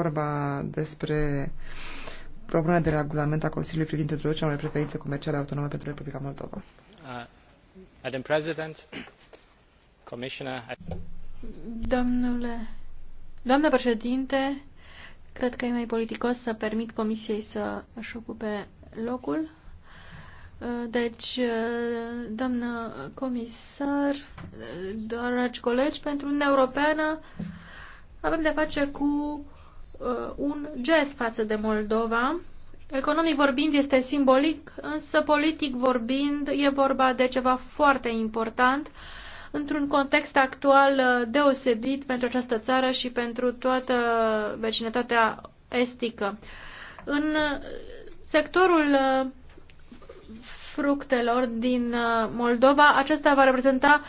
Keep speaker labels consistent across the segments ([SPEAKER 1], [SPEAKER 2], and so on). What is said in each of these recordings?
[SPEAKER 1] vorba despre propunerea de regulament a Consiliului privind introducerea unei preferințe comerciale autonome pentru Republica Moldova.
[SPEAKER 2] Uh, Madam President, Commissioner...
[SPEAKER 3] Domnule, doamnă președinte, cred că e mai politicos să permit Comisiei să își ocupe locul. Uh, deci, uh, doamnă comisar, dragi colegi, pentru Uniunea Europeană avem de face cu Uh, un gest față de Moldova. Economic vorbind este simbolic, însă politic vorbind e vorba de ceva foarte important într-un context actual uh, deosebit pentru această țară și pentru toată vecinătatea estică. În uh, sectorul fructelor din Moldova, acesta va reprezenta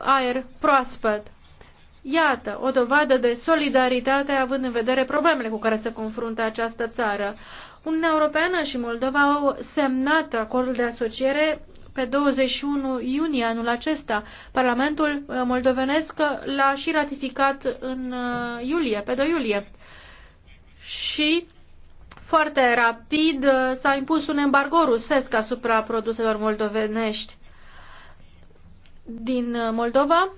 [SPEAKER 3] aer proaspăt Iată, o dovadă de solidaritate având în vedere problemele cu care se confruntă această țară. Uniunea Europeană și Moldova au semnat acordul de asociere pe 21 iunie anul acesta. Parlamentul uh, moldovenesc l-a și ratificat în uh, iulie, pe 2 iulie. Și foarte rapid uh, s-a impus un embargo rusesc asupra produselor moldovenești din Moldova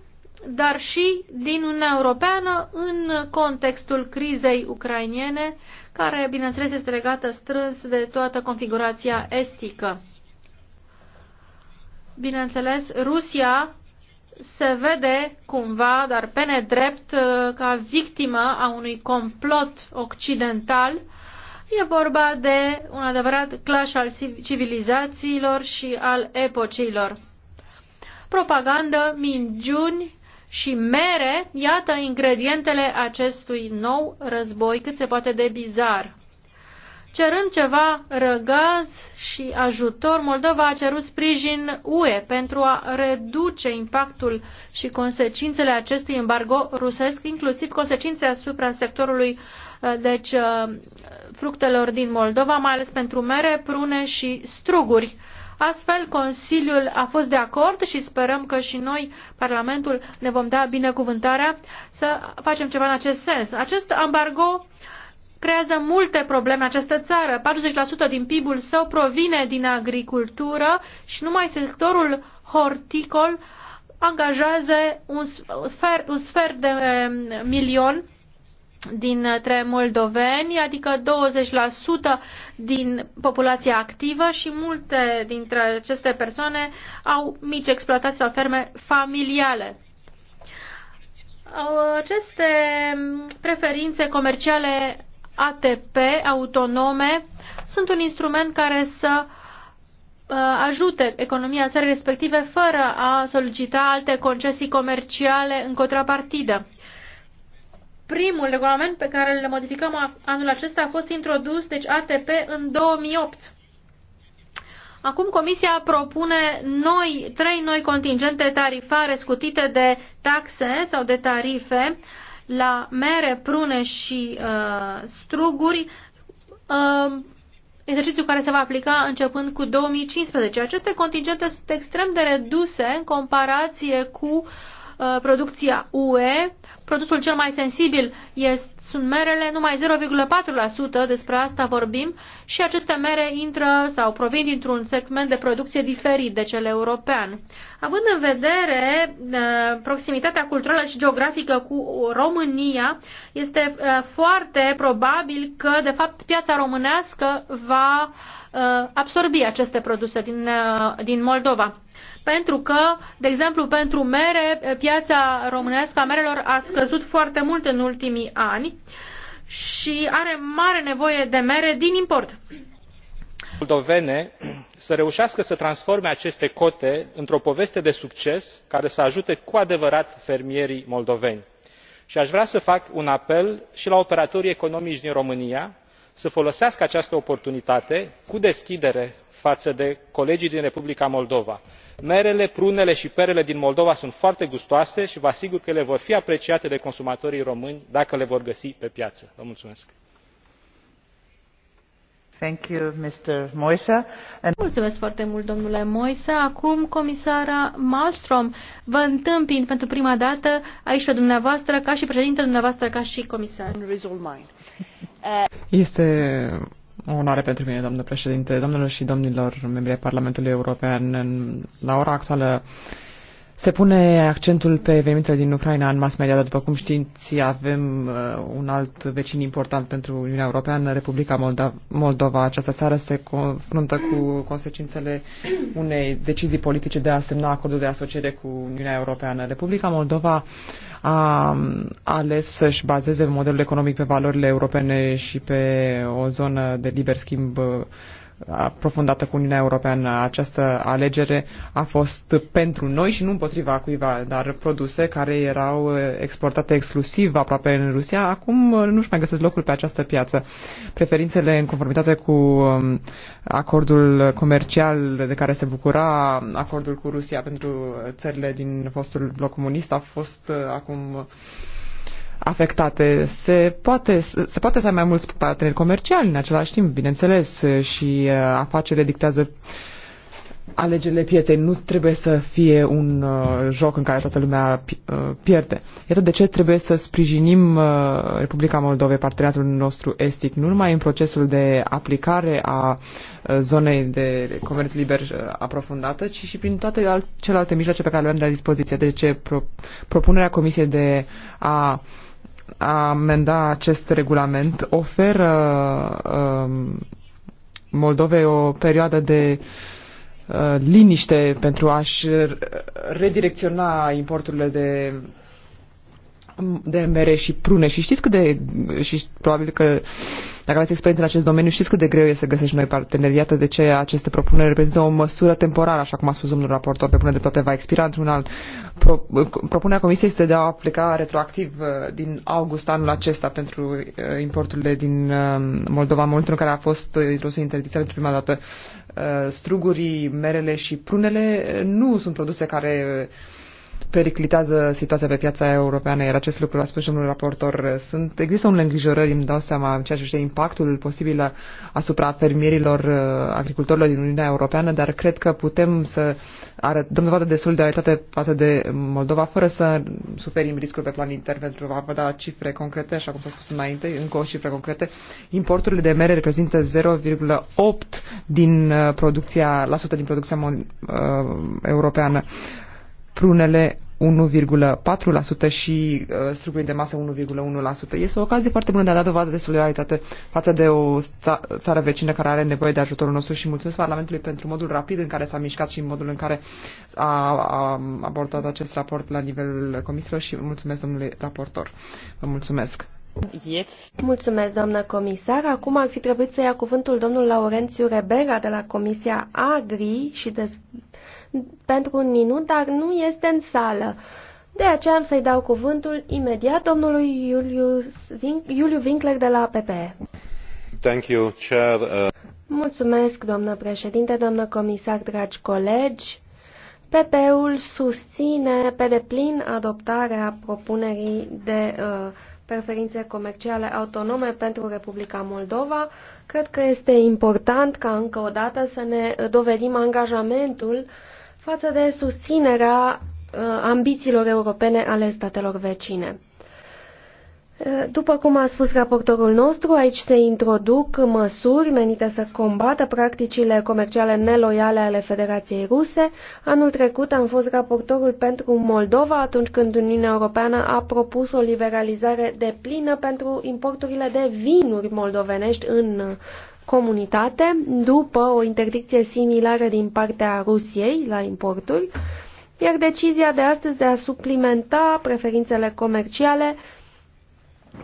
[SPEAKER 3] dar și din Uniunea Europeană în contextul crizei ucrainiene, care, bineînțeles, este legată strâns de toată configurația estică. Bineînțeles, Rusia se vede cumva, dar pe nedrept, ca victimă a unui complot occidental. E vorba de un adevărat clash al civilizațiilor și al epocilor. Propagandă, minciuni, și mere, iată ingredientele acestui nou război cât se poate de bizar. Cerând ceva răgaz și ajutor, Moldova a cerut sprijin UE pentru a reduce impactul și consecințele acestui embargo rusesc, inclusiv consecințe asupra sectorului uh, deci, uh, fructelor din Moldova, mai ales pentru mere, prune și struguri. Astfel, Consiliul a fost de acord și sperăm că și noi, Parlamentul, ne vom da binecuvântarea să facem ceva în acest sens. Acest embargo creează multe probleme în această țară. 40% din PIB-ul său provine din agricultură și numai sectorul horticol angajează un sfert, un sfert de eh, milion din uh, moldoveni, adică 20% din populația activă și multe dintre aceste persoane au mici exploatații sau ferme familiale. Aceste mm, preferințe comerciale ATP, autonome, sunt un instrument care să uh, ajute economia țării respective fără a solicita alte concesii comerciale în contrapartidă. Primul regulament pe care îl modificăm anul acesta a fost introdus, deci ATP, în 2008. Acum Comisia propune noi, trei noi contingente tarifare scutite de taxe sau de tarife la mere, prune și uh, struguri, uh, exercițiu care se va aplica începând cu 2015. Aceste contingente sunt extrem de reduse în comparație cu uh, producția UE Produsul cel mai sensibil este, sunt merele, numai 0,4%, despre asta vorbim, și aceste mere intră sau provin dintr-un segment de producție diferit de cel european. Având în vedere uh, proximitatea culturală și geografică cu România, este uh, foarte probabil că, de fapt, piața românească va uh, absorbi aceste produse din, din Moldova pentru că, de exemplu, pentru mere, piața românească a merelor a scăzut foarte mult în ultimii ani și are mare nevoie de mere din import.
[SPEAKER 2] Moldovene să reușească să transforme aceste cote într-o poveste de succes care să ajute cu adevărat fermierii moldoveni. Și aș vrea să fac un apel și la operatorii economici din România să folosească această oportunitate cu deschidere față de colegii din republica moldova. merele prunele și perele din moldova sunt foarte gustoase și vă asigur că ele vor fi apreciate de consumatorii români dacă le vor găsi pe piață. Vă Mulțumesc
[SPEAKER 3] Mulțumesc foarte mult, domnule Moisa. Acum, comisara Malmström, vă întâmpin pentru prima dată aici pe dumneavoastră, ca și președinte dumneavoastră, ca și comisar.
[SPEAKER 1] Este o onoare pentru mine, doamnă președinte, domnilor și domnilor membri ai Parlamentului European. la ora actuală se pune accentul pe evenimentele din Ucraina în mass media, dar după cum știți, avem uh, un alt vecin important pentru Uniunea Europeană, Republica Molda- Moldova. Această țară se confruntă cu consecințele unei decizii politice de a semna acordul de asociere cu Uniunea Europeană. Republica Moldova a um, ales să-și bazeze modelul economic pe valorile europene și pe o zonă de liber schimb uh, aprofundată cu Uniunea Europeană. Această alegere a fost pentru noi și nu împotriva cuiva, dar produse care erau exportate exclusiv aproape în Rusia, acum nu-și mai găsesc locul pe această piață. Preferințele în conformitate cu um, acordul comercial de care se bucura acordul cu Rusia pentru țările din fostul bloc comunist a fost uh, acum afectate. Se poate, se poate să ai mai mulți parteneri comerciali în același timp, bineînțeles, și uh, afacerile dictează alegerile pieței. Nu trebuie să fie un uh, joc în care toată lumea uh, pierde. Iată de ce trebuie să sprijinim uh, Republica Moldove, parteneriatul nostru estic, nu numai în procesul de aplicare a uh, zonei de comerț liber uh, aprofundată, ci și prin toate celelalte mijloace pe care le avem de la dispoziție. De deci, ce pro- propunerea Comisiei de a uh, a amenda acest regulament oferă uh, Moldovei o perioadă de uh, liniște pentru a-și redirecționa importurile de de mere și prune și știți cât de, și probabil că dacă aveți experiență în acest domeniu, știți cât de greu este să găsești noi parteneriate, de ce aceste propuneri reprezintă o măsură temporară, așa cum a spus domnul raportor, pe bună dreptate va expira într-un alt. Pro, propunerea comisiei este de a aplica retroactiv uh, din august anul acesta pentru uh, importurile din uh, Moldova, în momentul în care a fost introdusă interdicția pentru prima dată. Strugurii, merele și prunele nu sunt produse care periclitează situația pe piața europeană, iar acest lucru a spus domnul raportor. Sunt, există unele îngrijorări, îmi dau seama, în ceea ce privește impactul posibil asupra fermierilor, uh, agricultorilor din Uniunea Europeană, dar cred că putem să arătăm dovadă de solidaritate față de Moldova, fără să suferim riscuri pe plan intern, pentru a vă da cifre concrete, așa cum s-a spus înainte, încă o cifre concrete. Importurile de mere reprezintă 0,8 din uh, producția, la sută din producția mon, uh, europeană. Uh, prunele 1,4% și uh, strugurii de masă 1,1%. Este o ocazie foarte bună de a da dovadă de solidaritate față de o ța- țară vecină care are nevoie de ajutorul nostru și mulțumesc Parlamentului pentru modul rapid în care s-a mișcat și modul în care a, a abordat acest raport la nivelul comisiilor și mulțumesc domnului raportor. Vă mulțumesc.
[SPEAKER 4] Mulțumesc, doamnă comisar. Acum ar fi trebuit să ia cuvântul domnul Laurențiu Rebera de la Comisia Agri și de pentru un minut, dar nu este în sală. De aceea am să-i dau cuvântul imediat domnului Iulius Vin Iuliu Winkler de la PPE.
[SPEAKER 5] Thank you, Chair. Uh...
[SPEAKER 4] Mulțumesc, doamnă președinte, doamnă comisar, dragi colegi. PP-ul susține pe deplin adoptarea propunerii de uh, preferințe comerciale autonome pentru Republica Moldova. Cred că este important ca încă o dată să ne dovedim angajamentul uh, față de susținerea uh, ambițiilor europene ale statelor vecine. Uh, după cum a spus raportorul nostru, aici se introduc măsuri menite să combată practicile comerciale neloiale ale Federației Ruse. Anul trecut am fost raportorul pentru Moldova atunci când Uniunea Europeană a propus o liberalizare de plină pentru importurile de vinuri moldovenești în uh, comunitate după o interdicție similară din partea Rusiei la importuri, iar decizia de astăzi de a suplimenta preferințele comerciale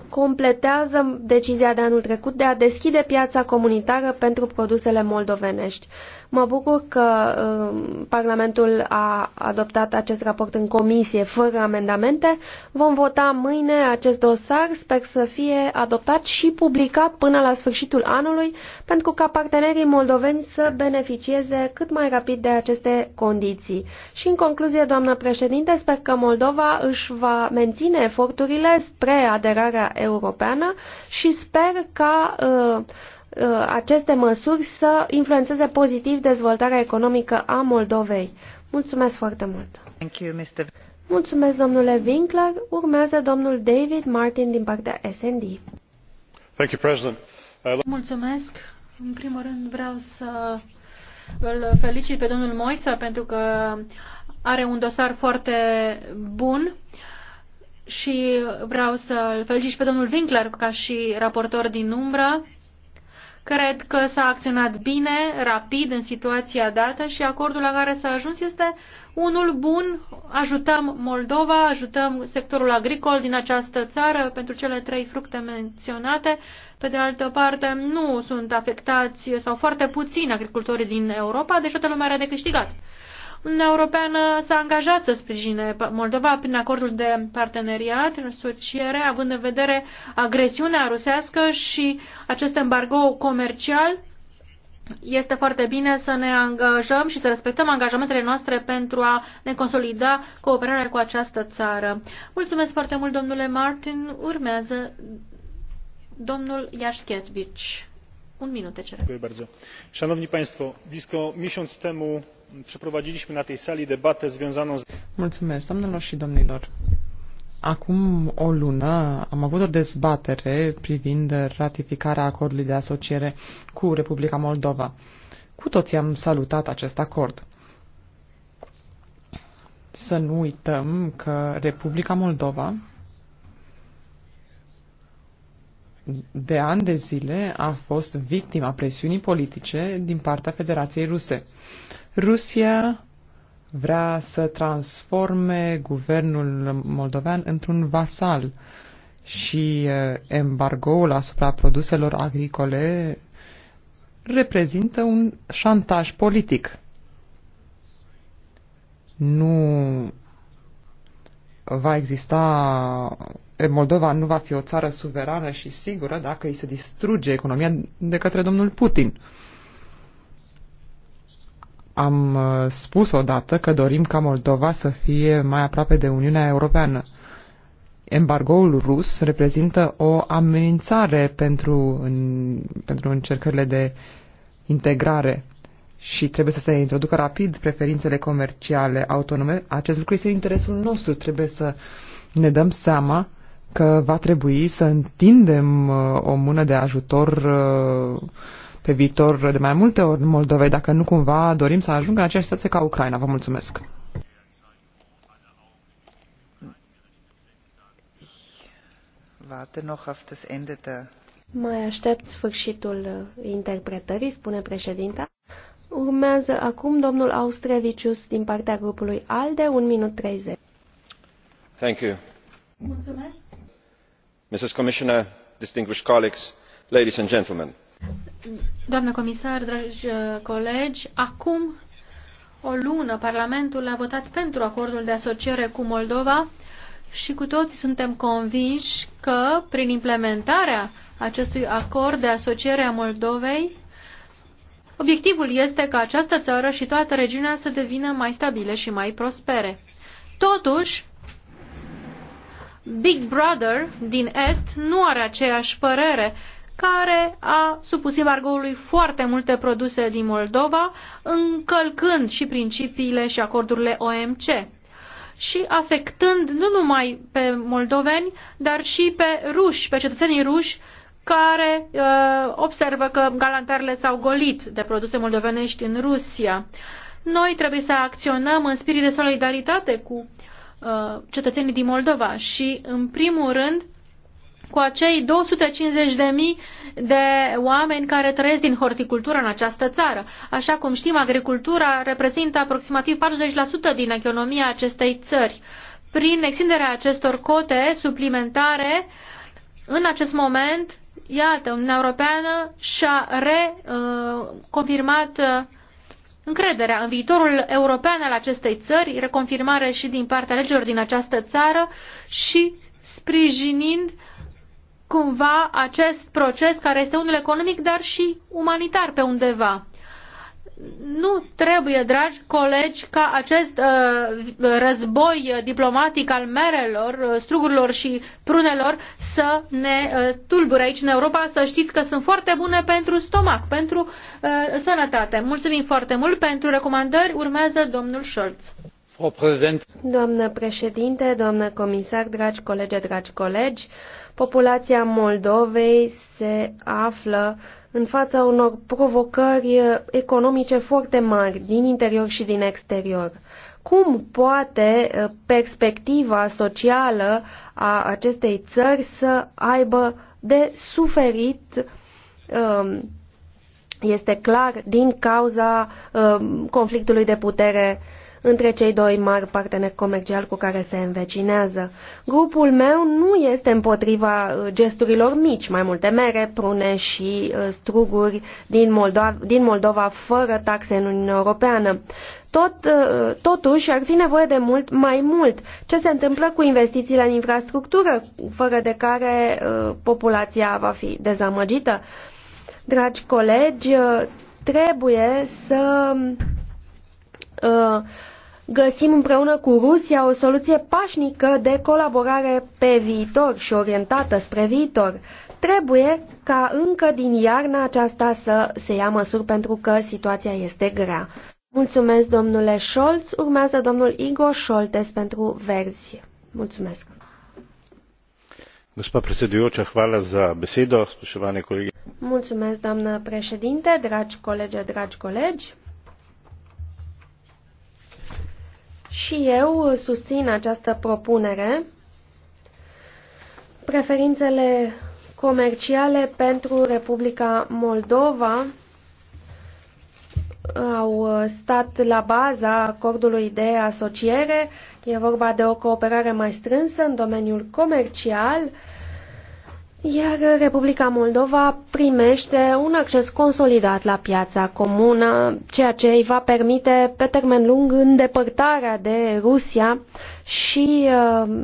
[SPEAKER 4] completează decizia de anul trecut de a deschide piața comunitară pentru produsele moldovenești. Mă bucur că uh, Parlamentul a adoptat acest raport în comisie fără amendamente. Vom vota mâine acest dosar. Sper să fie adoptat și publicat până la sfârșitul anului pentru ca partenerii moldoveni să beneficieze cât mai rapid de aceste condiții. Și în concluzie, doamnă președinte, sper că Moldova își va menține eforturile spre aderarea europeană și sper ca uh, Uh, aceste măsuri să influențeze pozitiv dezvoltarea economică a Moldovei. Mulțumesc foarte mult!
[SPEAKER 6] Thank you, Mr.
[SPEAKER 4] Mulțumesc, domnule Winkler. Urmează domnul David Martin din partea SND.
[SPEAKER 5] Thank
[SPEAKER 3] you, President. Mulțumesc. În primul rând vreau să îl felicit pe domnul Moisa pentru că are un dosar foarte bun și vreau să îl felicit pe domnul Winkler ca și raportor din umbră Cred că s-a acționat bine, rapid, în situația dată și acordul la care s-a ajuns este unul bun. Ajutăm Moldova, ajutăm sectorul agricol din această țară pentru cele trei fructe menționate. Pe de altă parte, nu sunt afectați sau foarte puțini agricultori din Europa, deci toată lumea are de câștigat. Uniunea Europeană s-a angajat să sprijine Moldova prin acordul de parteneriat, în asociere, având în vedere agresiunea rusească și acest embargo comercial. Este foarte bine să ne angajăm și să respectăm angajamentele noastre pentru a ne consolida cooperarea cu această țară. Mulțumesc foarte mult, domnule Martin. Urmează domnul Iașchetvici. Un minut, te cerem.
[SPEAKER 6] Dziękuję bardzo. Szanowni Państwo, blisko miesiąc temu przeprowadziliśmy na tej sali debatę związaną z...
[SPEAKER 1] Mulțumesc, doamnelor și domnilor. Acum o lună am avut o dezbatere privind ratificarea acordului de asociere cu Republica Moldova. Cu toții am salutat acest acord. Să nu uităm că Republica Moldova de ani de zile a fost victima presiunii politice din partea Federației Ruse. Rusia vrea să transforme guvernul moldovean într-un vasal și eh, embargoul asupra produselor agricole reprezintă un șantaj politic. Nu va exista, Moldova nu va fi o țară suverană și sigură dacă îi se distruge economia de către domnul Putin. Am uh, spus odată că dorim ca Moldova să fie mai aproape de Uniunea Europeană. Embargoul rus reprezintă o amenințare pentru, în, pentru încercările de integrare și trebuie să se introducă rapid preferințele comerciale autonome. Acest lucru este interesul nostru. Trebuie să ne dăm seama că va trebui să întindem uh, o mână de ajutor uh, pe viitor de mai multe ori în Moldovei, dacă nu cumva dorim să ajungă în aceeași situație ca Ucraina. Vă mulțumesc! Mai
[SPEAKER 4] aștept sfârșitul uh, interpretării, spune președinta. Urmează acum domnul Austrevicius din partea grupului ALDE, 1 minut 30. Thank you.
[SPEAKER 3] Mulțumesc.
[SPEAKER 4] Mrs. Commissioner, distinguished colleagues, ladies and gentlemen.
[SPEAKER 3] Doamnă comisar, dragi uh, colegi, acum o lună Parlamentul a votat pentru acordul de asociere cu Moldova și cu toții suntem convinși că prin implementarea acestui acord de asociere a Moldovei Obiectivul este ca această țară și toată regiunea să devină mai stabile și mai prospere. Totuși, Big Brother din Est nu are aceeași părere, care a supus embargoului foarte multe produse din Moldova, încălcând și principiile și acordurile OMC și afectând nu numai pe moldoveni, dar și pe ruși, pe cetățenii ruși care uh, observă că galantarele s-au golit de produse moldovenești în Rusia. Noi trebuie să acționăm în spirit de solidaritate cu uh, cetățenii din Moldova și, în primul rând, cu acei 250.000 de oameni care trăiesc din horticultură în această țară. Așa cum știm, agricultura reprezintă aproximativ 40% din economia acestei țări. Prin extinderea acestor cote suplimentare, în acest moment Iată, Uniunea Europeană și-a reconfirmat uh, încrederea în viitorul european al acestei țări, reconfirmare și din partea legilor din această țară și sprijinind cumva acest proces care este unul economic, dar și umanitar pe undeva nu trebuie, dragi colegi, ca acest uh, război diplomatic al merelor, uh, strugurilor și prunelor să ne uh, tulbure aici în Europa. Să știți că sunt foarte bune pentru stomac, pentru uh, sănătate. Mulțumim foarte mult pentru recomandări. Urmează domnul Scholz.
[SPEAKER 4] Doamnă președinte, doamnă comisar, dragi colegi, dragi colegi, populația Moldovei se află în fața unor provocări economice foarte mari din interior și din exterior. Cum poate uh, perspectiva socială a acestei țări să aibă de suferit um, este clar din cauza um, conflictului de putere între cei doi mari parteneri comerciali cu care se învecinează. Grupul meu nu este împotriva uh, gesturilor mici, mai multe mere, prune și uh, struguri din Moldova, din Moldova fără taxe în Uniunea Europeană. Tot, uh, totuși, ar fi nevoie de mult mai mult. Ce se întâmplă cu investițiile în infrastructură, fără de care populația va fi dezamăgită? Dragi colegi, trebuie să găsim împreună cu Rusia o soluție pașnică de colaborare pe viitor și orientată spre viitor. Trebuie ca încă din iarna aceasta să se ia măsuri pentru că situația este grea. Mulțumesc, domnule Scholz. Urmează domnul Igor Scholtes pentru Verzi. Mulțumesc. Mulțumesc, doamnă președinte, dragi colegi, dragi colegi. Și eu susțin această propunere. Preferințele comerciale pentru Republica Moldova au stat la baza acordului de asociere. E vorba de o cooperare mai strânsă în domeniul comercial iar Republica Moldova primește un acces consolidat la piața comună, ceea ce îi va permite pe termen lung îndepărtarea de Rusia și uh,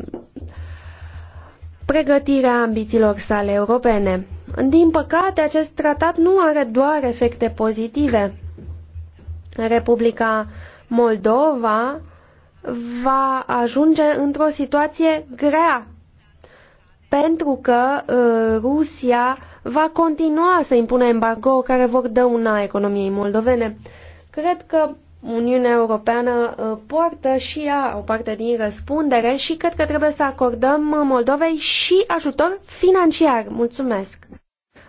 [SPEAKER 4] pregătirea ambițiilor sale europene. Din păcate, acest tratat nu are doar efecte pozitive. Republica Moldova va ajunge într-o situație grea pentru că uh, Rusia va continua să impună embargo care vor dăuna economiei moldovene. Cred că Uniunea Europeană uh, poartă și ea o parte din răspundere și cred că trebuie să acordăm Moldovei și ajutor financiar. Mulțumesc!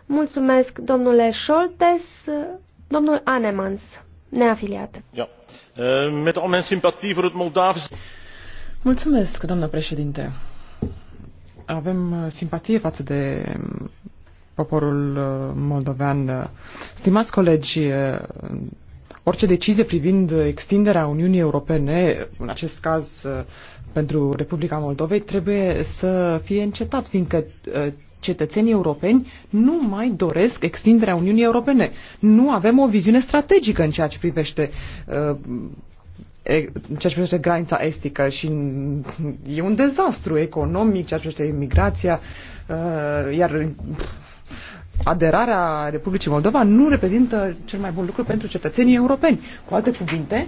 [SPEAKER 4] Mulțumesc, domnule Scholtes, domnul Anemans, neafiliat.
[SPEAKER 1] Ja. Eh, met al mijn sympathie voor het Moldavische... Mulțumesc, doamnă președinte. Avem uh, simpatie față de um, poporul uh, moldovean. Stimați colegi, uh, orice decizie privind extinderea Uniunii Europene, în acest caz pentru Republica Moldovei, trebuie să fie încetat, fiindcă cetățenii europeni nu mai doresc extinderea Uniunii Europene. Nu avem o viziune strategică în ceea ce privește uh, ceea ce privește granița estică și e un dezastru economic, ceea ce privește imigrația, uh, iar aderarea Republicii Moldova nu reprezintă cel mai bun lucru pentru cetățenii europeni. Cu alte cuvinte,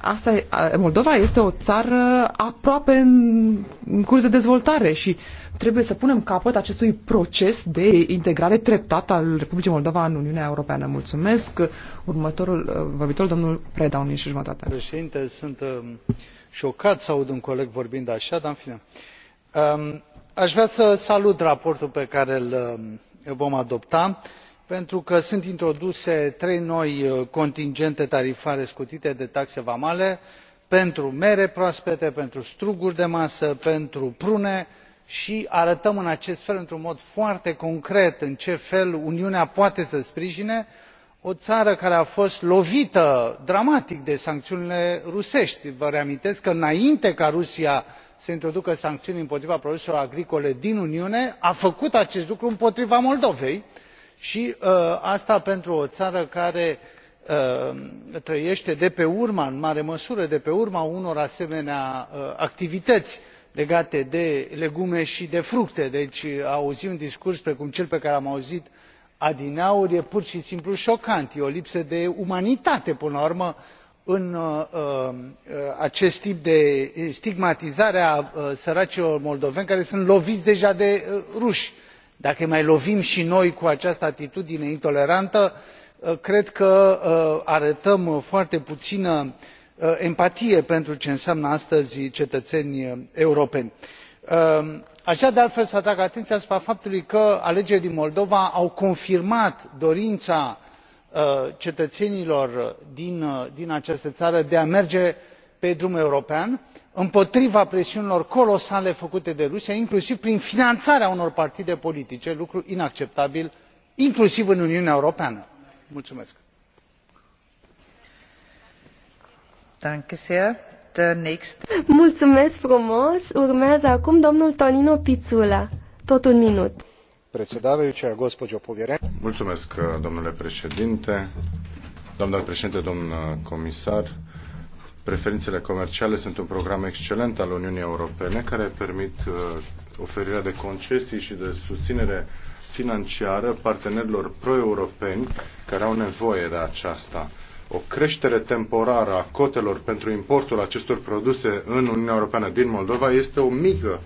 [SPEAKER 1] asta, Moldova este o țară aproape în, în curs de dezvoltare și uh, Trebuie să punem capăt acestui proces de integrare treptat al Republicii Moldova în Uniunea Europeană. Mulțumesc. Următorul uh, vorbitor, domnul Preda, unii și jumătate.
[SPEAKER 6] Președinte, sunt uh, șocat să aud un coleg vorbind așa, dar în fine. Um, aș vrea să salut raportul pe care îl uh, vom adopta pentru că sunt introduse trei noi contingente tarifare scutite de taxe vamale pentru mere proaspete pentru struguri de masă pentru prune și arătăm în acest fel într un mod foarte concret în ce fel uniunea poate să sprijine o țară care a fost lovită dramatic de sancțiunile rusești. vă reamintesc că înainte ca rusia să introducă sancțiuni împotriva produselor agricole din uniune a făcut acest lucru împotriva moldovei și uh, asta pentru o țară care uh, trăiește de pe urma în mare măsură de pe urma unor asemenea uh, activități legate de legume și de fructe deci a auzi un discurs precum cel pe care l am auzit adineauri e pur și simplu șocant e o lipsă de umanitate până la urmă în uh, uh, acest tip de stigmatizare a uh, săracilor moldoveni care sunt loviți deja de ruși. dacă îi mai lovim și noi cu această atitudine intolerantă cred că arătăm foarte puțină Uh, empatie pentru ce înseamnă astăzi cetățenii europeni. Um, aș vrea de altfel să atrag atenția asupra faptului că alegerile din moldova au confirmat dorința uh, cetățenilor uh, din această țară de a merge pe drumul european împotriva presiunilor colosale făcute de rusia inclusiv prin finanțarea unor partide politice lucru inacceptabil inclusiv în uniunea europeană. mulțumesc.
[SPEAKER 4] Mulțumesc frumos. Urmează acum domnul Tonino Pițula. Tot un minut.
[SPEAKER 5] Mulțumesc, domnule președinte, doamnă președinte, domn comisar. Preferințele comerciale sunt un program excelent al Uniunii Europene care permit uh, oferirea de concesii și de susținere financiară partenerilor pro-europeni care au nevoie de aceasta o creștere temporară a cotelor pentru importul acestor produse în Uniunea Europeană din Moldova este o mică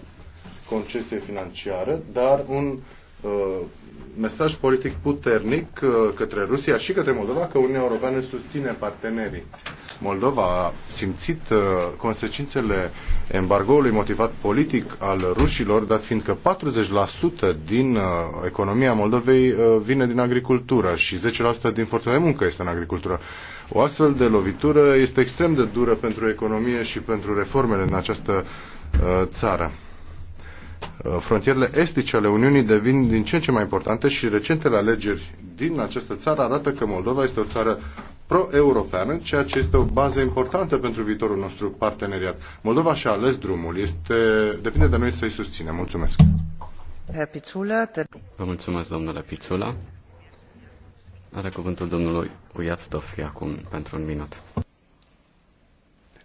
[SPEAKER 5] concesie financiară, dar un uh, mesaj politic puternic uh, către Rusia și către Moldova că Uniunea Europeană susține partenerii. Moldova a simțit uh, consecințele embargoului motivat politic al rușilor, dat fiind că 40% din uh, economia Moldovei uh, vine din agricultură și 10% din forța de muncă este în agricultură. Uh, o astfel de lovitură este extrem de dură pentru economie și pentru reformele în această uh, țară. Uh, frontierele estice ale Uniunii devin din ce în ce mai importante și recentele alegeri din această țară arată că Moldova este o țară pro-europeană, ceea ce este o bază importantă pentru viitorul nostru parteneriat. Moldova și-a ales drumul.
[SPEAKER 7] Este, depinde de noi să-i susținem. Mulțumesc. Vă mulțumesc, domnule Pițula. Are cuvântul domnului Ujazdowski acum pentru un minut.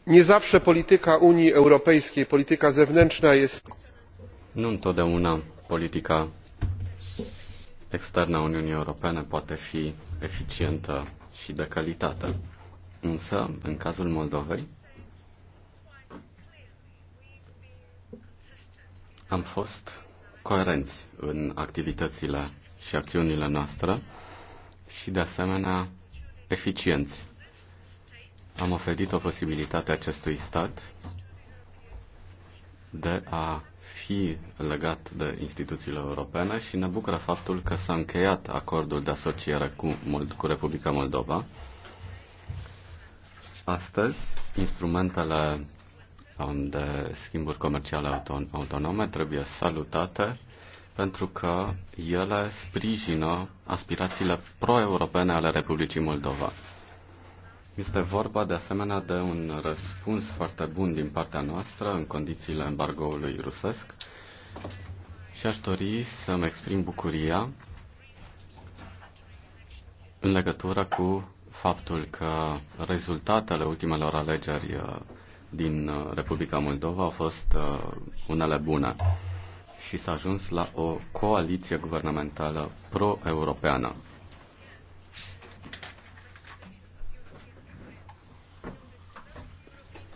[SPEAKER 5] Nie zawsze polityka Unii Europejskiej, polityka zewnętrzna jest...
[SPEAKER 7] Nu întotdeauna politica externă a Uniunii Europene poate fi eficientă și de calitate. Însă, în cazul Moldovei, am fost coerenți în activitățile și acțiunile noastre și, de asemenea, eficienți. Am oferit o posibilitate acestui stat de a fi legat de instituțiile europene și ne bucură faptul că s-a încheiat acordul de asociere cu, cu Republica Moldova. Astăzi, instrumentele de schimburi comerciale autonome trebuie salutate pentru că ele sprijină aspirațiile pro-europene ale Republicii Moldova. Este vorba de asemenea de un răspuns foarte bun din partea noastră în condițiile embargoului rusesc și aș dori să-mi exprim bucuria în legătură cu faptul că rezultatele ultimelor alegeri uh, din uh, Republica Moldova au fost uh, unele bune și s-a ajuns la o coaliție guvernamentală pro-europeană.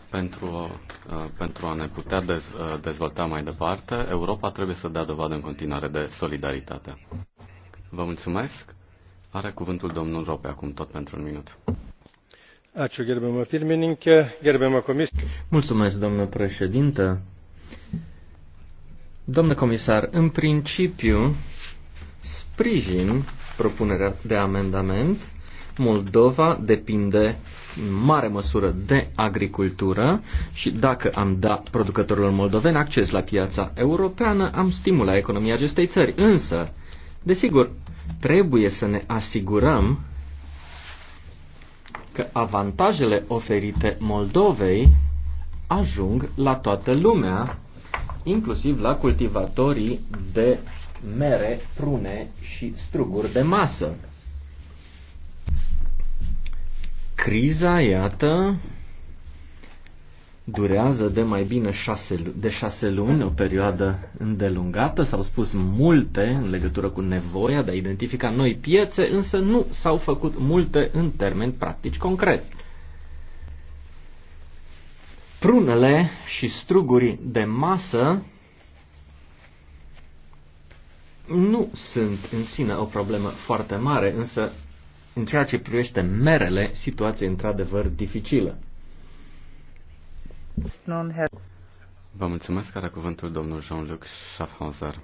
[SPEAKER 7] Pentru, uh, pentru a ne putea dez, uh, dezvolta mai departe, Europa trebuie să dea dovadă în continuare de solidaritate. Vă mulțumesc. Are cuvântul domnul Rope acum tot pentru un minut.
[SPEAKER 2] Mulțumesc, domnule președinte Domnule comisar, în principiu sprijin propunerea de amendament. Moldova depinde în mare măsură de agricultură și dacă am da producătorilor moldoveni acces la piața europeană, am stimula economia acestei țări. Însă, desigur, trebuie să ne asigurăm că avantajele oferite Moldovei ajung la toată lumea inclusiv la cultivatorii de mere, prune și struguri de masă. Criza, iată, durează de mai bine șase, de șase luni, o perioadă îndelungată. S-au spus multe în legătură cu nevoia de a identifica noi piețe, însă nu s-au făcut multe în termeni practici concreți. Prunele și struguri de masă nu sunt în sine o problemă foarte mare, însă în ceea ce privește merele, situația e
[SPEAKER 7] într-adevăr dificilă. Vă mulțumesc, care cuvântul domnul Jean-Luc Schaffhauser.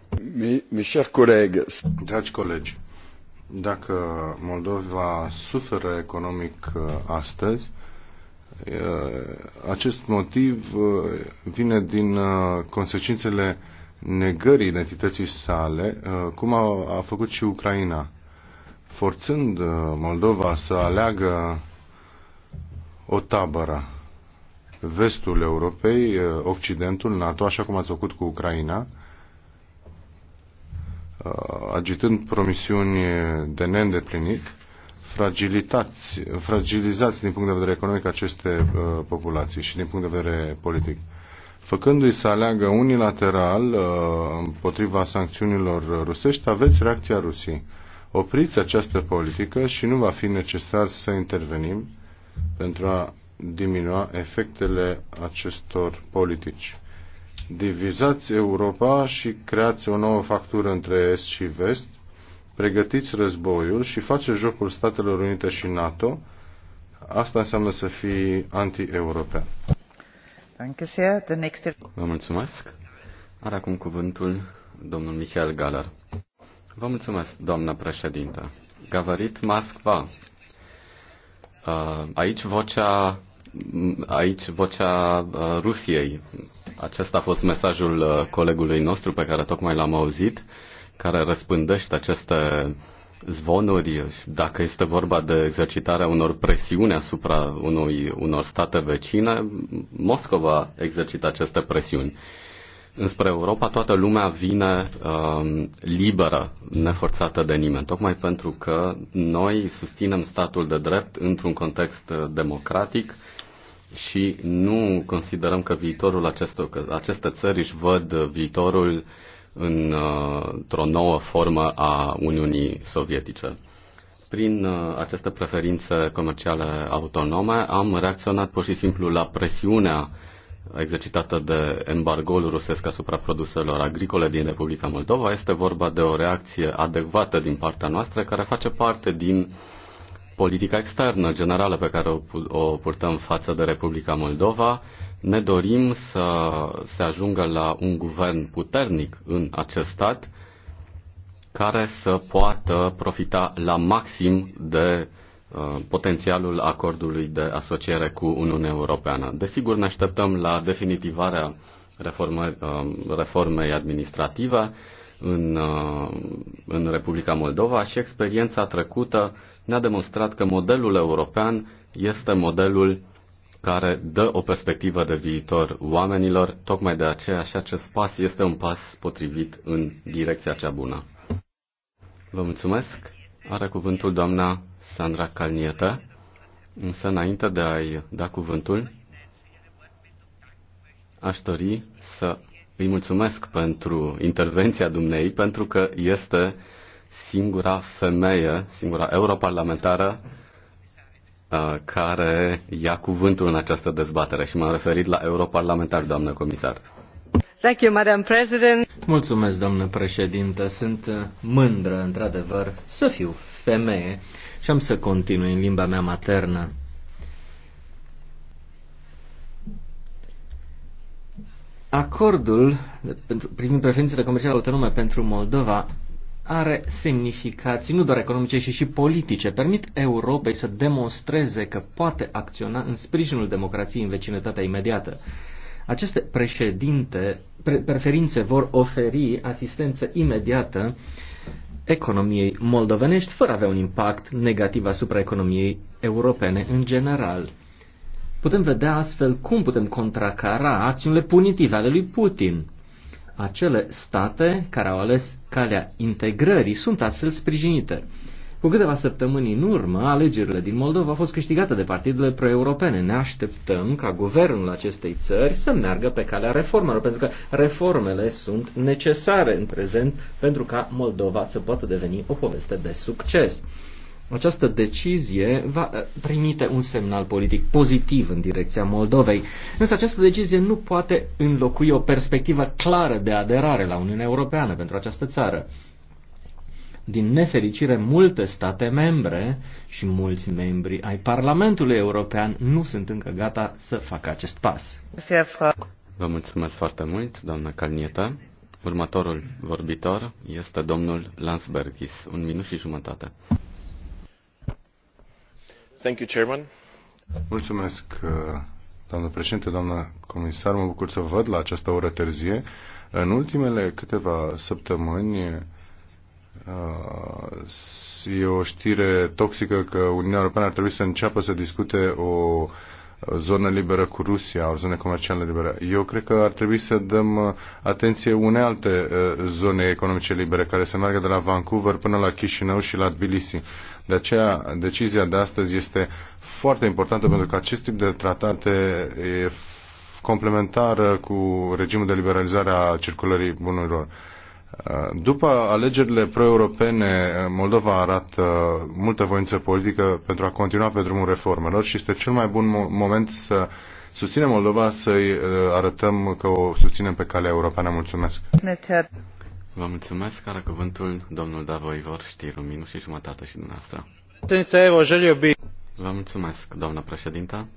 [SPEAKER 7] Mes dragi
[SPEAKER 5] colegi, dacă Moldova suferă economic uh, astăzi, Uh, acest motiv uh, vine din uh, consecințele negării identității sale, cum a, a făcut și Ucraina, forțând Moldova să aleagă o tabără, vestul Europei, Occidentul, NATO, așa cum ați făcut cu Ucraina, agitând promisiuni de neîndeplinit, fragilitați, fragilizați din punct de vedere economic aceste uh, populații și din punct de vedere politic. Făcându-i să aleagă unilateral uh, împotriva sancțiunilor rusești, aveți reacția Rusiei. Opriți această politică și nu va fi necesar să intervenim pentru a diminua efectele acestor politici. Divizați Europa și creați o nouă factură între Est și Vest pregătiți războiul și face jocul Statelor Unite și NATO, asta
[SPEAKER 7] înseamnă să fii anti-european. Vă mulțumesc. Are acum cuvântul domnul Michael Galar. Vă mulțumesc, doamna președintă. Gavarit Moscova. Uh, aici vocea, aici vocea uh, Rusiei. Acesta a fost mesajul uh, colegului nostru pe care tocmai l-am auzit care răspândește aceste zvonuri, dacă este vorba de exercitarea unor presiuni asupra unui, unor state vecine, Moscova exercită aceste presiuni. Înspre Europa toată lumea vine uh, liberă, neforțată de nimeni, tocmai pentru că noi susținem statul de drept într-un context democratic și nu considerăm că viitorul acestor, că aceste țări își văd viitorul uh, Uh, într-o nouă formă a Uniunii Sovietice. Prin uh, aceste preferințe comerciale autonome am reacționat pur și simplu la presiunea exercitată de embargoul rusesc asupra produselor agricole din Republica Moldova. Este vorba de o reacție adecvată din partea noastră care face parte din politica externă generală pe care o, o purtăm față de Republica Moldova ne dorim să se ajungă la un guvern puternic în acest stat care să poată profita la maxim de uh, potențialul acordului de asociere cu Uniunea Europeană. Desigur, ne așteptăm la definitivarea reforme, uh, reformei administrative în, uh, în Republica Moldova și experiența trecută ne-a demonstrat că modelul european este modelul care dă o perspectivă de viitor oamenilor. Tocmai de aceea și acest pas este un pas potrivit în direcția cea bună. Vă mulțumesc. Are cuvântul doamna Sandra Calnietă. Însă înainte de a-i da cuvântul, aș dori să îi mulțumesc pentru intervenția dumnei, pentru că este singura femeie, singura europarlamentară Uh, care ia cuvântul în această dezbatere și m-am referit la europarlamentar, doamnă comisar.
[SPEAKER 3] Thank you, Madam President.
[SPEAKER 7] Mulțumesc, doamnă președinte. Sunt uh, mândră,
[SPEAKER 2] într-adevăr, să fiu femeie și am să continui în limba mea maternă. Acordul pentru, privind preferințele comerciale autonome pentru Moldova are semnificații nu doar economice, ci și politice. Permit Europei să demonstreze că poate acționa în sprijinul democrației în vecinătatea imediată. Aceste președinte, pre, preferințe vor oferi asistență imediată economiei moldovenești fără a avea un impact negativ asupra economiei europene în general. Putem vedea astfel cum putem contracara acțiunile punitive ale lui Putin acele state care au ales calea integrării sunt astfel sprijinite. Cu câteva săptămâni în urmă, alegerile din Moldova au fost câștigate de partidele pro-europene. Ne așteptăm ca guvernul acestei țări să meargă pe calea reformelor, pentru că reformele sunt necesare în prezent pentru ca Moldova să poată deveni o poveste de succes. Această decizie va primite eh, un semnal politic pozitiv în direcția Moldovei, însă această decizie nu poate înlocui o perspectivă clară de aderare la Uniunea Europeană pentru această țară. Din nefericire, multe state membre și mulți membri ai Parlamentului European nu sunt încă gata să facă acest pas.
[SPEAKER 7] Vă mulțumesc foarte mult, doamna Calnieta. Următorul vorbitor este domnul Lansbergis. Un minut și jumătate.
[SPEAKER 5] Mulțumesc, uh, doamnă președinte, doamnă comisar. Mă bucur să văd la această oră târzie. În ultimele câteva săptămâni uh, e o știre toxică că Uniunea Europeană ar trebui să înceapă să discute o zonă liberă cu Rusia, o zonă comercială liberă. Eu cred că ar trebui să dăm uh, atenție unei alte uh, zone economice libere care se meargă de la Vancouver până la Chișinău și la Tbilisi. De aceea, decizia de astăzi este foarte importantă pentru că acest tip de tratate e complementară cu regimul de liberalizare a circulării bunurilor. După alegerile pro-europene, Moldova arată multă voință politică pentru a continua pe drumul reformelor și este cel mai bun moment să susținem Moldova, să-i uh, arătăm că o susținem pe
[SPEAKER 7] calea europeană. Mulțumesc! Vă mulțumesc, are cuvântul domnul Davo Ivor, știri un și jumătate și dumneavoastră.
[SPEAKER 6] Vă mulțumesc,
[SPEAKER 7] doamna președinta.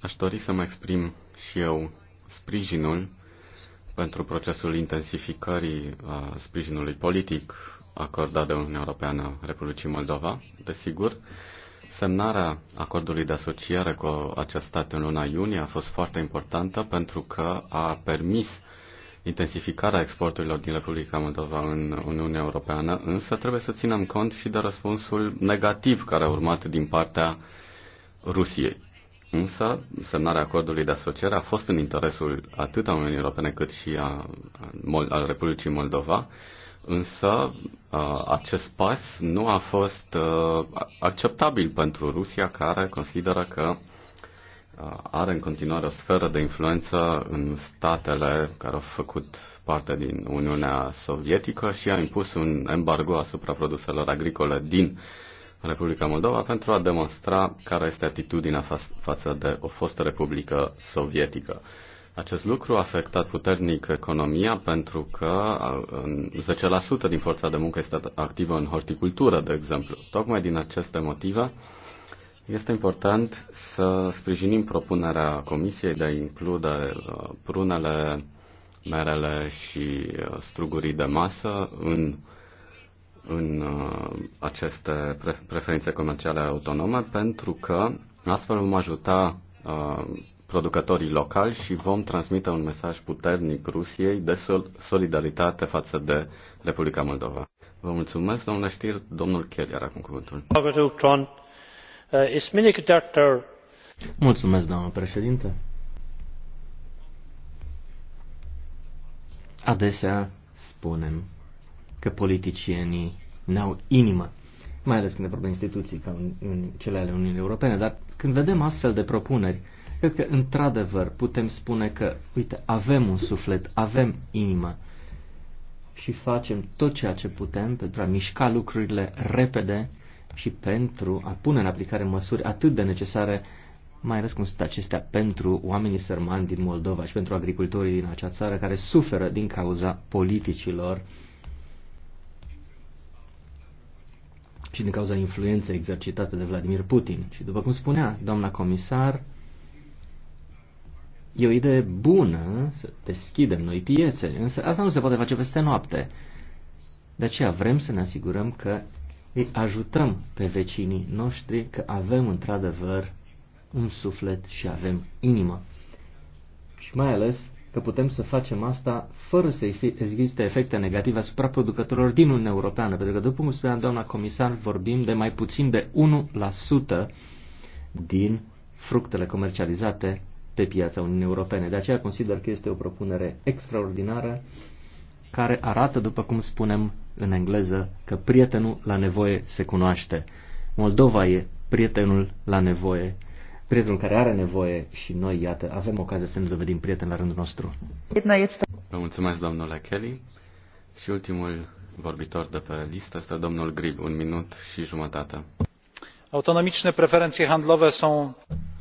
[SPEAKER 7] Aș dori să mă exprim și eu sprijinul pentru procesul intensificării a sprijinului politic acordat de Uniunea Europeană Republicii Moldova, desigur. Semnarea acordului de asociere cu acest stat în luna iunie a fost foarte importantă pentru că a permis intensificarea exporturilor din Republica Moldova în Uniunea Europeană, însă trebuie să ținem cont și de răspunsul negativ care a urmat din partea Rusiei. Însă, semnarea acordului de asociere a fost în interesul atât a Uniunii Europene cât și a, a Republicii Moldova, însă acest pas nu a fost acceptabil pentru Rusia, care consideră că are în continuare o sferă de influență în statele care au făcut parte din Uniunea Sovietică și a impus un embargo asupra produselor agricole din uh, Republica Moldova pentru a demonstra care este atitudinea fa- față de o fostă republică sovietică. Acest lucru a afectat puternic economia pentru că 10% din forța de muncă este activă în horticultură, de exemplu. Tocmai din aceste motive este important să sprijinim propunerea Comisiei de a include uh, prunele, merele și uh, strugurii de masă în în uh, aceste preferințe comerciale autonome pentru că astfel vom ajuta uh, producătorii locali și vom transmite un mesaj puternic Rusiei de solidaritate față de Republica Moldova. Vă mulțumesc, domnule Știr, domnul Kelly are acum cuvântul.
[SPEAKER 2] Mulțumesc, doamnă președinte. Adesea spunem că politicienii n-au inimă, mai ales când e vorba instituții ca în, în cele ale Uniunii Europene, dar când vedem astfel de propuneri, cred că într-adevăr putem spune că, uite, avem un suflet, avem inimă și facem tot ceea ce putem pentru a mișca lucrurile repede și pentru a pune în aplicare măsuri atât de necesare, mai ales cum sunt acestea, pentru oamenii sărmani din Moldova și pentru agricultorii din acea țară care suferă din cauza politicilor uh, și din cauza influenței exercitate de Vladimir Putin. Și după cum spunea doamna comisar, e o idee bună să deschidem noi piețe, însă asta nu se poate face peste noapte. De aceea vrem să ne asigurăm că îi ajutăm pe vecinii noștri, că avem într-adevăr un suflet și avem inimă. Și mai ales că putem să facem asta fără să existe efecte negative asupra producătorilor din Uniunea Europeană, pentru că, după cum spunea doamna comisar, vorbim de mai puțin de 1% din fructele comercializate pe piața Uniunii Europene. De aceea consider că este o propunere extraordinară care arată, după cum spunem în engleză, că prietenul la nevoie se cunoaște. Moldova e prietenul la nevoie prietenul care are nevoie și noi, iată, avem ocazia să ne dovedim prieten la rândul nostru.
[SPEAKER 7] Vă mulțumesc, domnule Kelly. Și ultimul vorbitor de pe listă este domnul Grib, un minut și jumătate.
[SPEAKER 6] Autonomiczne preferințe handlove sunt.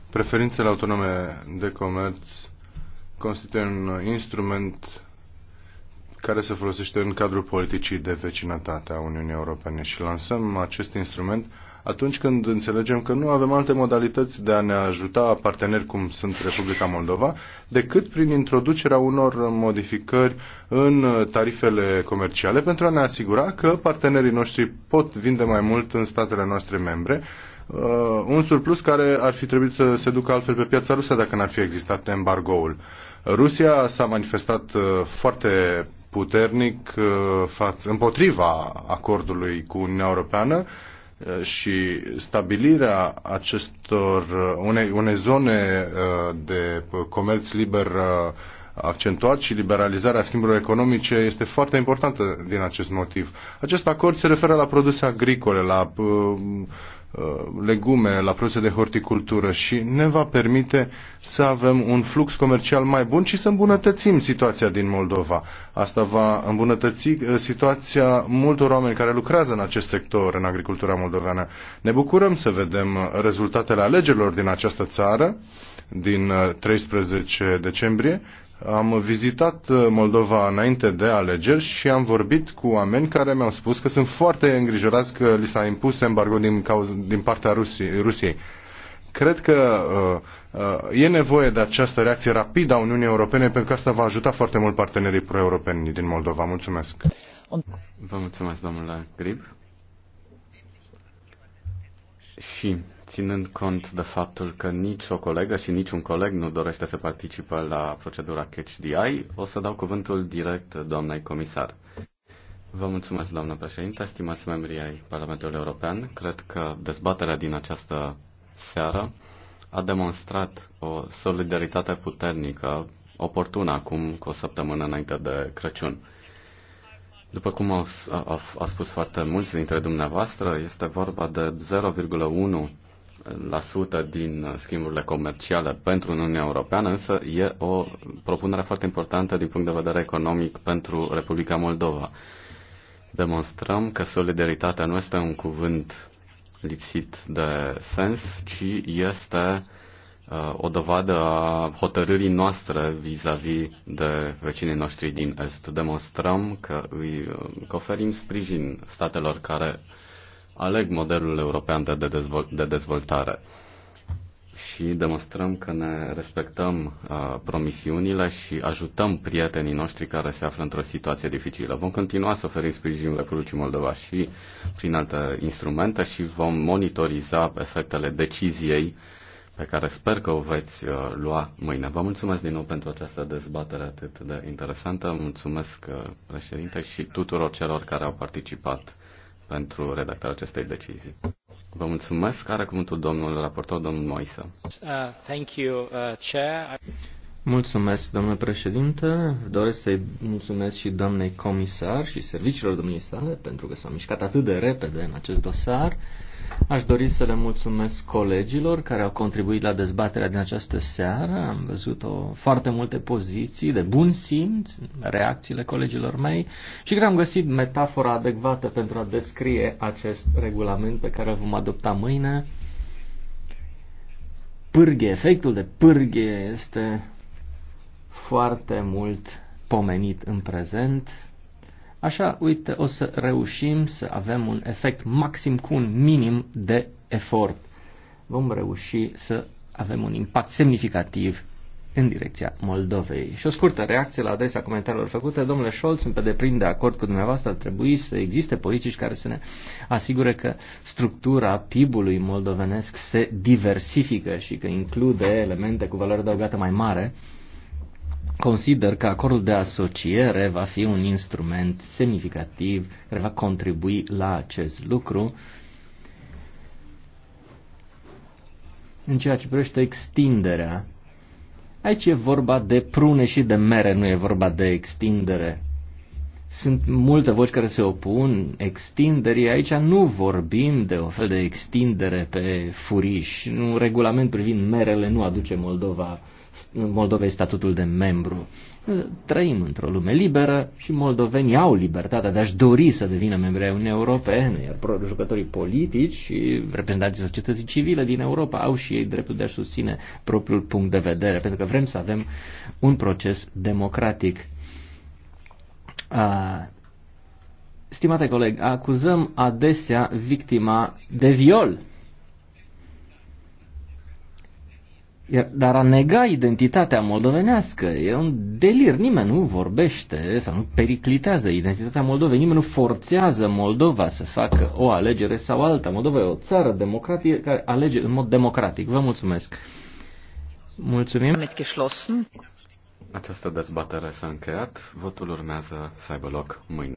[SPEAKER 7] Preferințele autonome de comerț
[SPEAKER 5] constituie un instrument care se folosește în cadrul politicii de vecinătate a Uniunii Europene și lansăm acest instrument atunci când înțelegem că nu avem alte modalități de a ne ajuta parteneri cum sunt Republica Moldova, decât prin introducerea unor modificări în tarifele comerciale pentru a ne asigura că partenerii noștri pot vinde mai mult în statele noastre membre, uh, un surplus care ar fi trebuit să se ducă altfel pe piața rusă dacă n-ar fi existat embargoul. Rusia s-a manifestat uh, foarte puternic uh, împotriva acordului cu Uniunea Europeană, Uh, și stabilirea acestor uh, unei, unei zone uh, de comerț liber accentuat și liberalizarea schimburilor economice este foarte importantă din acest motiv. Acest acord se referă la produse agricole, la Uh, legume, la produse de horticultură și ne va permite să avem un flux comercial mai bun și să îmbunătățim situația din Moldova. Asta va îmbunătăți uh, situația multor oameni care lucrează în acest sector, în agricultura moldoveană. Ne bucurăm să vedem rezultatele alegerilor din această țară din 13 uh, decembrie am vizitat uh, Moldova înainte de alegeri și am vorbit cu oameni care mi-au spus că sunt foarte îngrijorați că li s-a impus embargo din, cauza, din partea Rusiei. Rusiei. Cred că uh, uh, e nevoie de această reacție rapidă a Uniunii Europene pentru că asta va ajuta foarte mult partenerii pro-europeni din Moldova. Mulțumesc.
[SPEAKER 7] Vă mulțumesc, domnule Grib. Și ținând cont de faptul că nici o colegă și nici un coleg nu dorește să participe la procedura Catch DI, o să dau cuvântul direct doamnei comisar. Vă mulțumesc, doamnă președinte, stimați membrii ai Parlamentului European. Cred că dezbaterea din această seară a demonstrat o solidaritate puternică, oportună acum cu o săptămână înainte de Crăciun. După cum au, a, au spus foarte mulți dintre dumneavoastră, este vorba de 0,1 din schimburile comerciale pentru Uniunea Europeană, însă e o propunere foarte importantă din punct de vedere economic pentru Republica Moldova. Demonstrăm că solidaritatea nu este un cuvânt lipsit de sens, ci este uh, o dovadă a hotărârii noastre vis-a-vis -vis de vecinii noștri din Est. Demonstrăm că îi că oferim sprijin statelor care aleg modelul european de, dezvol- de dezvoltare și demonstrăm că ne respectăm uh, promisiunile și ajutăm prietenii noștri care se află într-o situație dificilă. Vom continua să oferim sprijin Republicii Moldova și prin alte instrumente și vom monitoriza efectele deciziei pe care sper că o veți uh, lua mâine. Vă mulțumesc din nou pentru această dezbatere atât de interesantă. Mulțumesc, uh, președinte, și tuturor celor care au participat pentru redactarea acestei decizii. Vă mulțumesc. Are cuvântul domnul raportor, domnul Moisa.
[SPEAKER 2] Uh, thank you, uh, chair. Mulțumesc, domnule președinte. Doresc să-i mulțumesc și doamnei comisar și serviciilor domniei sale pentru că s-au mișcat atât de repede în acest dosar. Aș dori să le mulțumesc colegilor care au contribuit la dezbaterea din această seară. Am văzut o, foarte multe poziții de bun simț, reacțiile colegilor mei și că am găsit metafora adecvată pentru a descrie acest regulament pe care îl vom adopta mâine. Pârghe, efectul de pârghe este foarte mult pomenit în prezent. Așa, uite, o să reușim să avem un efect maxim cu un minim de efort. Vom reuși să avem un impact semnificativ în direcția Moldovei. Și o scurtă reacție la adresa comentariilor făcute. Domnule Scholz, sunt pe deplin de acord cu dumneavoastră, ar trebui să existe politici care să ne asigure că structura PIB-ului moldovenesc se diversifică și că include elemente cu valoare adăugată mai mare consider că acordul de asociere va fi un instrument semnificativ care va contribui la acest lucru. În ceea ce privește extinderea, aici e vorba de prune și de mere, nu e vorba de extindere. Sunt multe voci care se opun extinderii. Aici nu vorbim de o fel de extindere pe furiș. Un regulament privind merele nu aduce Moldova Moldovei statutul de membru. Trăim într-o lume liberă și moldovenii au libertatea de a-și dori să devină membri ai Uniunii Europene, iar jucătorii politici și reprezentanții societății civile din Europa au și ei dreptul de a susține propriul punct de vedere, pentru că vrem să avem un proces democratic. Stimate coleg, acuzăm adesea victima de viol iar Dar a nega identitatea moldovenească e un delir. Nimeni nu vorbește sau nu periclitează identitatea Moldovei. Nimeni nu forțează Moldova să facă o alegere sau alta. Moldova e o țară democratică care alege în mod democratic. Vă mulțumesc. Mulțumim.
[SPEAKER 7] Această dezbatere s-a încheiat. Votul urmează să aibă loc mâine.